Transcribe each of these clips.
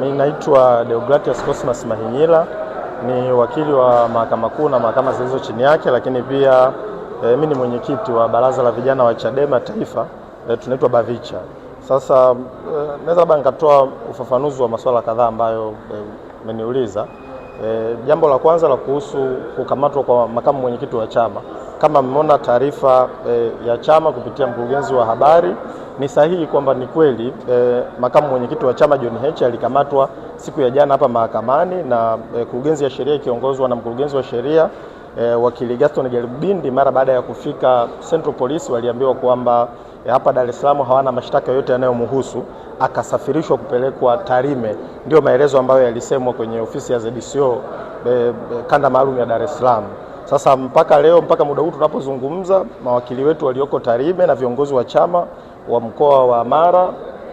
Mimi naitwa Deogratius Cosmas Mahinyila, ni wakili wa mahakama kuu na mahakama zilizo chini yake, lakini pia e, mimi ni mwenyekiti wa baraza la vijana wa Chadema Taifa, e, tunaitwa Bavicha. Sasa e, naweza labda nikatoa ufafanuzi wa masuala kadhaa ambayo umeniuliza E, e, jambo la kwanza la kuhusu kukamatwa kwa makamu mwenyekiti wa chama kama mmeona taarifa e, ya chama kupitia mkurugenzi wa habari, ni sahihi kwamba ni kweli e, makamu mwenyekiti wa chama John Heche alikamatwa siku ya jana hapa mahakamani na e, kurugenzi ya sheria ikiongozwa na mkurugenzi wa sheria e, wakili Gaston Gelbindi. Mara baada ya kufika Central Police waliambiwa kwamba e, hapa Dar es Salaam hawana mashtaka yote yanayomhusu, akasafirishwa kupelekwa Tarime. Ndio maelezo ambayo yalisemwa kwenye ofisi ya ZDCO e, e, kanda maalum ya Dar es Salaam. Sasa mpaka leo, mpaka muda huu tunapozungumza, mawakili wetu walioko Tarime na viongozi wa chama wa mkoa wa Mara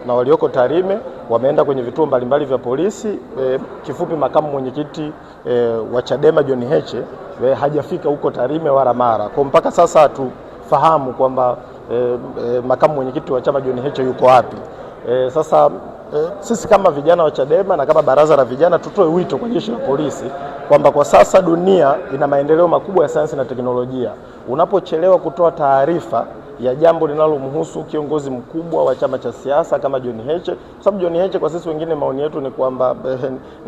na walioko Tarime wameenda kwenye vituo mbalimbali vya polisi. E, kifupi makamu mwenyekiti e, wa Chadema John Heche e, hajafika huko Tarime wala Mara, kwa mpaka sasa hatufahamu kwamba e, e, makamu mwenyekiti wa chama John Heche yuko wapi. E, sasa e, sisi kama vijana wa Chadema na kama baraza la vijana tutoe wito kwa jeshi la polisi kwamba kwa sasa dunia ina maendeleo makubwa ya sayansi na teknolojia. Unapochelewa kutoa taarifa ya jambo linalomhusu kiongozi mkubwa wa chama cha siasa kama John Heche, kwa sababu John Heche kwa sisi wengine, maoni yetu ni kwamba eh,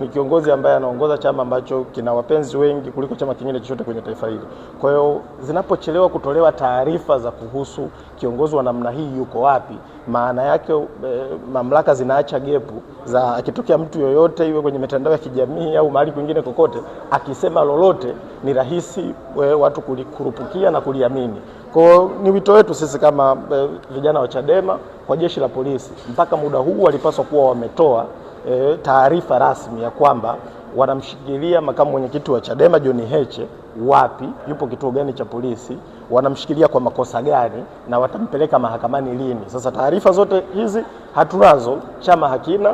ni kiongozi ambaye anaongoza chama ambacho kina wapenzi wengi kuliko chama kingine chochote kwenye taifa hili. Kwa hiyo zinapochelewa kutolewa taarifa za kuhusu kiongozi wa namna hii yuko wapi maana yake e, mamlaka zinaacha gepu za akitokea mtu yoyote iwe kwenye mitandao ya kijamii au mahali kwingine kokote, akisema lolote ni rahisi we, eh, watu kurupukia na kuliamini. Kwao ni wito wetu sisi kama e, vijana wa Chadema kwa jeshi la polisi, mpaka muda huu walipaswa kuwa wametoa e, taarifa rasmi ya kwamba wanamshikilia makamu mwenyekiti wa Chadema John Heche, wapi yupo, kituo gani cha polisi, wanamshikilia kwa makosa gani na watampeleka mahakamani lini? Sasa taarifa zote hizi hatunazo, chama hakina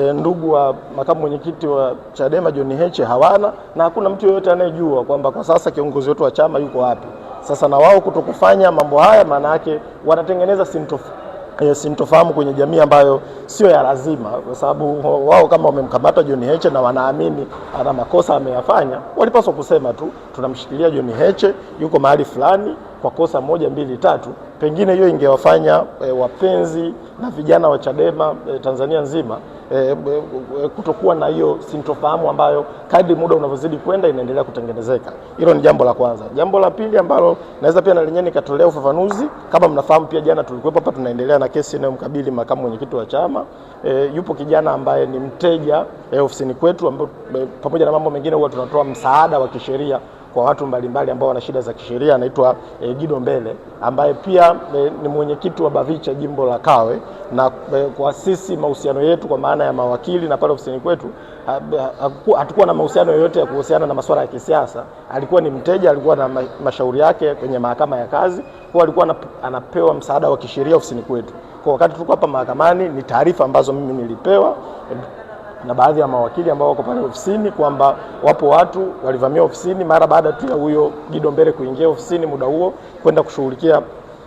e, ndugu wa makamu mwenyekiti wa Chadema John Heche hawana, na hakuna mtu yoyote anayejua kwamba kwa sasa kiongozi wetu wa chama yuko wapi. Sasa na wao kutokufanya mambo haya, maana yake wanatengeneza sintofahamu Eh, sintofahamu kwenye jamii ambayo sio ya lazima, kwa sababu wao kama wamemkamata John Heche na wanaamini ana makosa ameyafanya, walipaswa kusema tu tunamshikilia John Heche, yuko mahali fulani kwa kosa moja mbili tatu, pengine hiyo ingewafanya e, wapenzi na vijana wa Chadema e, Tanzania nzima e, e, kutokuwa na hiyo sintofahamu ambayo kadri muda unavyozidi kwenda inaendelea kutengenezeka. Hilo ni jambo la kwanza. Jambo la pili ambalo naweza pia na lenyewe nikatolea ufafanuzi, kama mnafahamu pia jana tulikuwepo hapa tunaendelea na kesi inayomkabili makamu mwenyekiti wa chama e, yupo kijana ambaye ni mteja e, ofisini kwetu ambapo pamoja na mambo mengine huwa tunatoa msaada wa kisheria kwa watu mbalimbali ambao wana shida za kisheria anaitwa e, eh, Gido Mbele ambaye pia e, ni mwenyekiti wa Bavicha jimbo la Kawe, na e, eh, kwa sisi mahusiano yetu kwa maana ya mawakili na pale ofisini kwetu hatukuwa na mahusiano yoyote ya kuhusiana na masuala ya kisiasa. Alikuwa ni mteja, alikuwa na mashauri yake kwenye mahakama ya kazi, kwa alikuwa anapewa msaada wa kisheria ofisini kwetu. Kwa wakati tulikuwa hapa mahakamani, ni taarifa ambazo mimi nilipewa na baadhi ya mawakili ambao wako pale ofisini kwamba wapo watu walivamia ofisini mara baada tu ya huyo Gido Mbele kuingia ofisini muda huo kwenda kushughulikia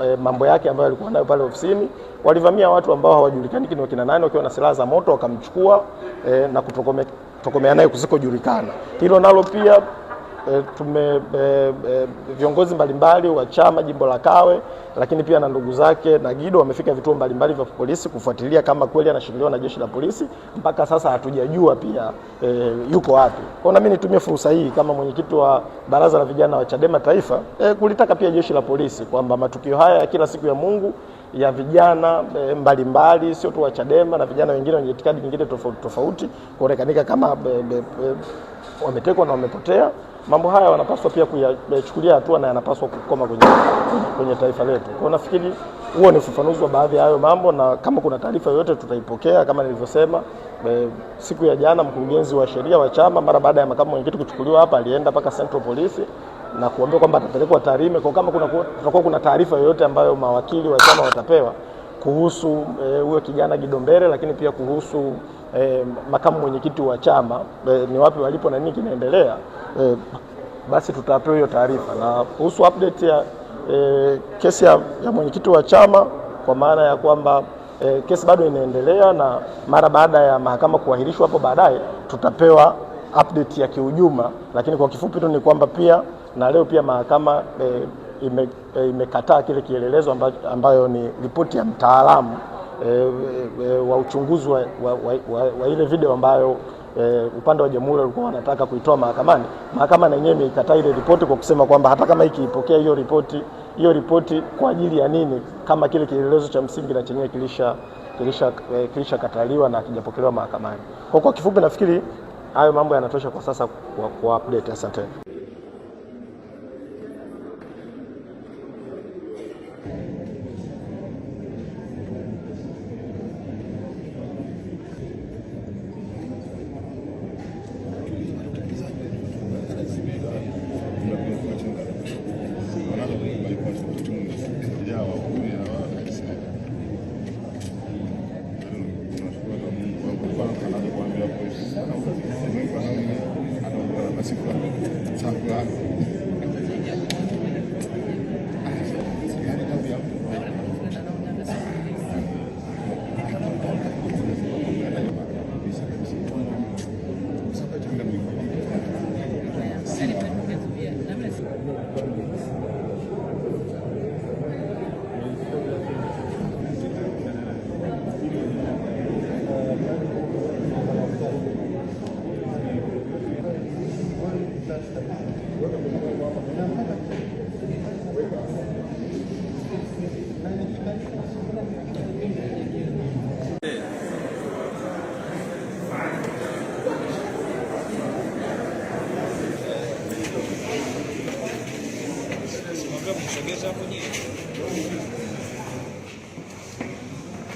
e, mambo yake ambayo alikuwa nayo pale ofisini. Walivamia watu ambao hawajulikani kini wakina nani, wakiwa na silaha za moto wakamchukua e, na kutokomea naye kusikojulikana. Hilo nalo pia e, tume e, e, viongozi mbalimbali wa chama jimbo la Kawe, lakini pia na ndugu zake na Gido wamefika vituo mbalimbali vya polisi kufuatilia kama kweli anashikiliwa na jeshi la polisi. Mpaka sasa hatujajua pia e, yuko wapi. Kwa nami nitumie fursa hii kama mwenyekiti wa baraza la vijana wa Chadema Taifa e, kulitaka pia jeshi la polisi kwamba matukio haya ya kila siku ya Mungu ya vijana mbalimbali sio tu wa Chadema na vijana wengine wenye itikadi nyingine tofauti tofauti kuonekanika kama wametekwa na wamepotea mambo haya wanapaswa pia kuyachukulia hatua na yanapaswa kukoma kwenye, kwenye taifa letu. Kwa nafikiri huo ni ufafanuzi wa baadhi ya hayo mambo, na kama kuna taarifa yoyote tutaipokea. Kama nilivyosema e, siku ya jana mkurugenzi wa sheria wa chama mara baada ya makamu mwenyekiti kuchukuliwa hapa alienda mpaka Central Police na kuambia kwamba atapelekwa Tarime. Kwa kama kuna tutakuwa kuna taarifa yoyote ambayo mawakili wa chama watapewa kuhusu eh, huyo e, kijana Gidombere, lakini pia kuhusu e, makamu mwenyekiti wa chama e, ni wapi walipo na nini kinaendelea e, basi tutapewa hiyo taarifa. Na kuhusu update ya e, kesi ya, ya mwenyekiti wa chama kwa maana ya kwamba e, kesi bado inaendelea na mara baada ya mahakama kuahirishwa hapo baadaye tutapewa update ya kiujuma, lakini kwa kifupi tu ni kwamba pia na leo pia mahakama e, imekataa ime kile kielelezo ambayo, ambayo ni ripoti ya mtaalamu e, e, wa uchunguzi wa, wa, wa, wa ile video ambayo e, upande wa jamhuri walikuwa wanataka kuitoa mahakamani. Mahakama na yenyewe imekataa ile ripoti kwa kusema kwamba hata kama ikiipokea hiyo ripoti hiyo ripoti kwa ajili ya nini, kama kile kielelezo cha msingi na chenyewe kilisha kilisha kilisha kataliwa na kijapokelewa mahakamani. Kwa kwa kifupi, nafikiri hayo mambo yanatosha kwa sasa kwa, kwa update. Asante. Jesus.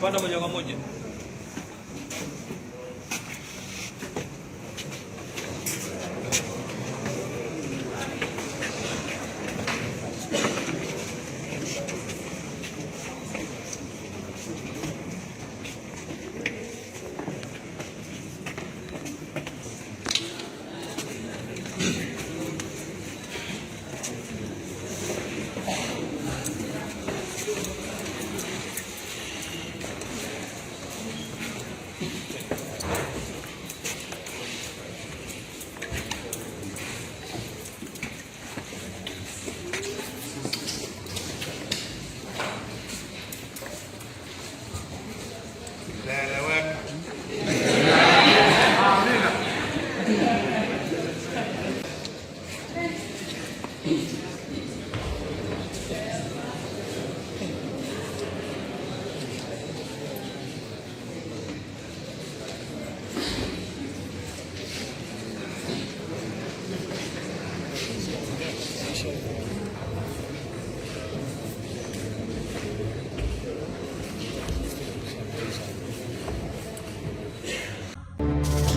Panda moja kwa moja. that